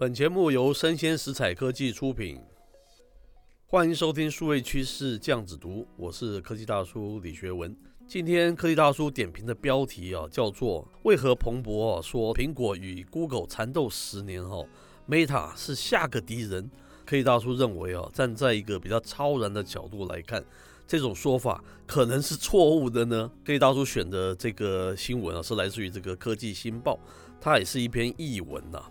本節目由聲鮮時采科技出品，歡迎收聽數位趨勢醬子讀，我是科技大叔李學文。今天科技大叔點評的標題啊，叫做“為何彭博說蘋果與 Google 纏鬥十年後，Meta 是下個敵人？”科技大叔認為啊，站在一個比較超然的角度來看，這種說法可能是錯誤的呢。科技大叔選的這個新聞啊，是來自於這個科技新報，它也是一篇譯文吶、啊。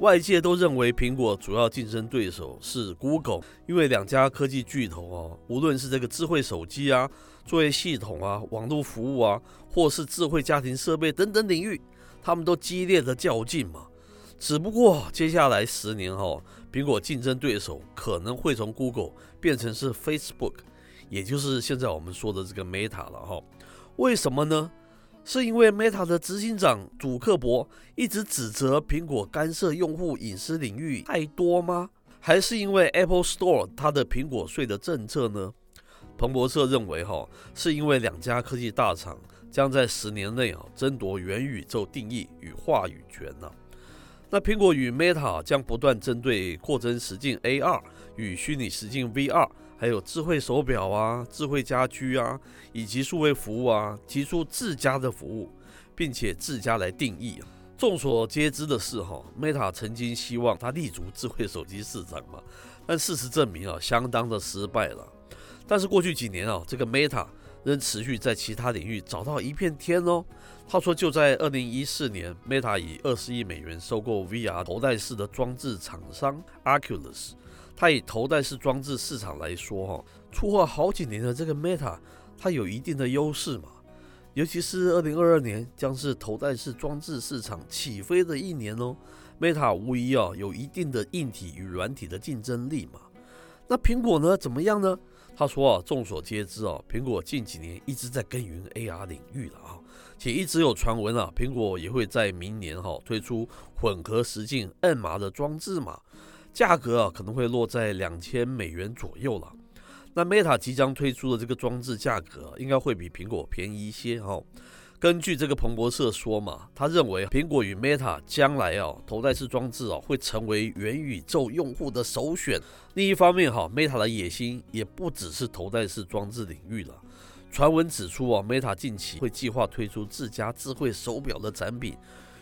外界都認為蘋果主要競爭對手是 Google，因為兩家科技巨頭哦，無論是這個智慧手機啊、作業系統啊、網絡服務啊，或是智慧家庭設備等等領域，他們都激烈的較勁嘛。只不過接下來十年哈，蘋果競爭對手可能會從 Google 變成是 Facebook，也就是現在我們說的這個 Meta 了哈、哦。為什麼呢？是因為 Meta 的執行長祖克伯一直指責蘋果干涉用戶隱私領域太多嗎？還是因為 Apple Store 它的蘋果稅的政策呢？彭博社認為哈，是因為兩家科技大廠將在十年內啊爭奪元宇宙定義與話語權呢。那蘋果與 Meta 將不斷針對擴增實境 AR 與虛擬實境 VR。還有智慧手錶啊、智慧家居啊，以及數位服務啊，提出自家的服務，並且自家來定義啊。眾所皆知的是，哈，哦，Meta 曾經希望它立足智慧手機市場嘛，但事實證明啊，相當的失敗了。但是過去幾年啊，這個 Meta 仍持續在其他領域找到一片天哦。他說，就在2014年，Meta 以20億美元收購 VR 頭戴式的裝置廠商 Oculus。它以頭戴式裝置市場來說，啊，哈，出貨好幾年的這個 Meta，它有一定的優勢嘛。尤其是二零二二年將是頭戴式裝置市場起飛的一年哦。Meta 無疑啊有一定的硬體與軟體的競爭力嘛。那蘋果呢怎麼樣呢？他說啊，眾所皆知啊，蘋果近幾年一直在耕耘 AR 領域了啊，且一直有傳聞啊，蘋果也會在明年哈、啊、推出混合實境 MR 的裝置嘛。價格啊可能會落在兩千美元左右了。那 Meta 即將推出的這個裝置價格應該會比蘋果便宜一些哦。根據這個彭博社說嘛，他認為蘋果與 Meta 將來啊頭戴式裝置啊會成為元宇宙用戶的首選。另一方面哈，Meta 的野心也不只是頭戴式裝置領域了。傳聞指出啊，Meta 近期會計劃推出自家智慧手錶的產品，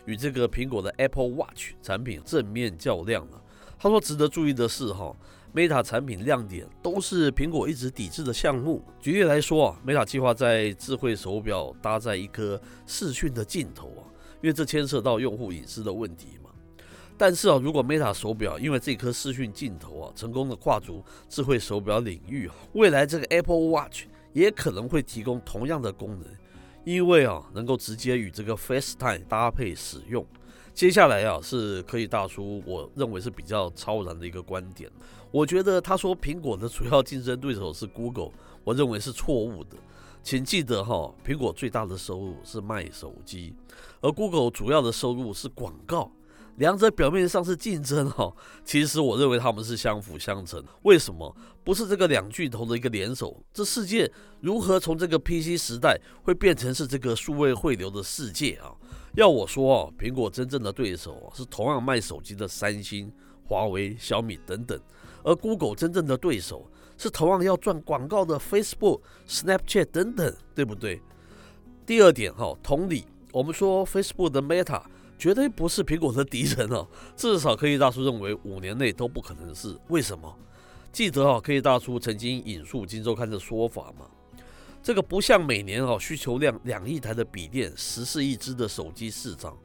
與這個蘋果的 Apple Watch 產品正面較量了。他說：“值得注意的是哈，哈，Meta 產品亮點都是蘋果一直抵制的項目。舉例來說啊，Meta 計劃在智慧手表搭載一顆視訊的鏡頭啊，因為這牽涉到用戶隱私的問題嘛。但是啊，如果 Meta 手表因為這顆視訊鏡頭啊成功的跨足智慧手表領域，未來這個 Apple Watch 也可能會提供同樣的功能，因為啊，能夠直接與這個 FaceTime 搭配使用。”接下來啊，是科技大叔我認為是比較超然的一個觀點。我覺得他說蘋果的主要競爭對手是 Google，我認為是錯誤的。請記得哈，蘋果最大的收入是賣手機，而 Google 主要的收入是廣告。兩者表面上是競爭哈，其實我認為他們是相輔相成。為什麼？不是這個兩巨頭的一個聯手？這世界如何從這個 PC 時代會變成是這個數位匯流的世界啊？要我說啊，蘋果真正的對手是同樣賣手機的三星、華為、小米等等；而 Google 真正的對手是同樣要賺廣告的 Facebook、Snapchat 等等，對不對？第二點哈，同理，我們說 Facebook 的 Meta 絕對不是蘋果的敵人哦。至少科技大叔認為五年內都不可能是。為什麼？記得啊，科技大叔曾經引述《今周刊》的說法嗎？這個不像每年啊，需求量兩億台的筆電，十四億支的手機市場。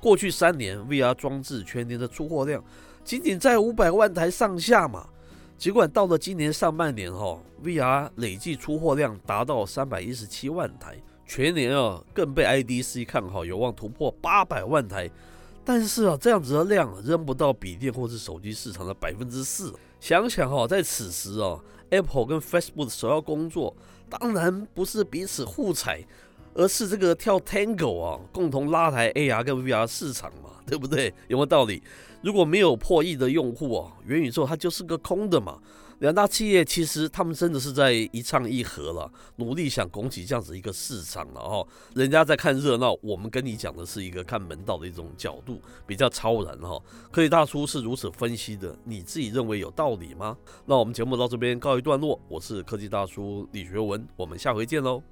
過去三年 VR 裝置全年的出貨量僅僅在五百萬台上下嘛。儘管到了今年上半年哈啊，VR 累計出貨量達到三百一十七萬台，全年啊更被 IDC 看好有望突破八百萬台。但是啊這樣子的量仍不到筆電或是手機市場的百分之四。想想哈啊，在此時啊。Apple 跟 Facebook 的首要工作，當然不是彼此互踩，而是這個跳 tango 啊，共同拉抬 AR 跟 VR 市場嘛，對不對？有沒有道理？如果沒有破億的用戶啊，元宇宙它就是個空的嘛。兩大企業其實他們真的是在一唱一和了，努力想拱起這樣子一個市場了、啊、哈。人家在看熱鬧，我們跟你講的是一個看門道的一種角度，比較超然哈、啊。科技大叔是如此分析的，你自己認為有道理嗎？那我們節目到這邊告一段落，我是科技大叔李學文，我們下回見嘍。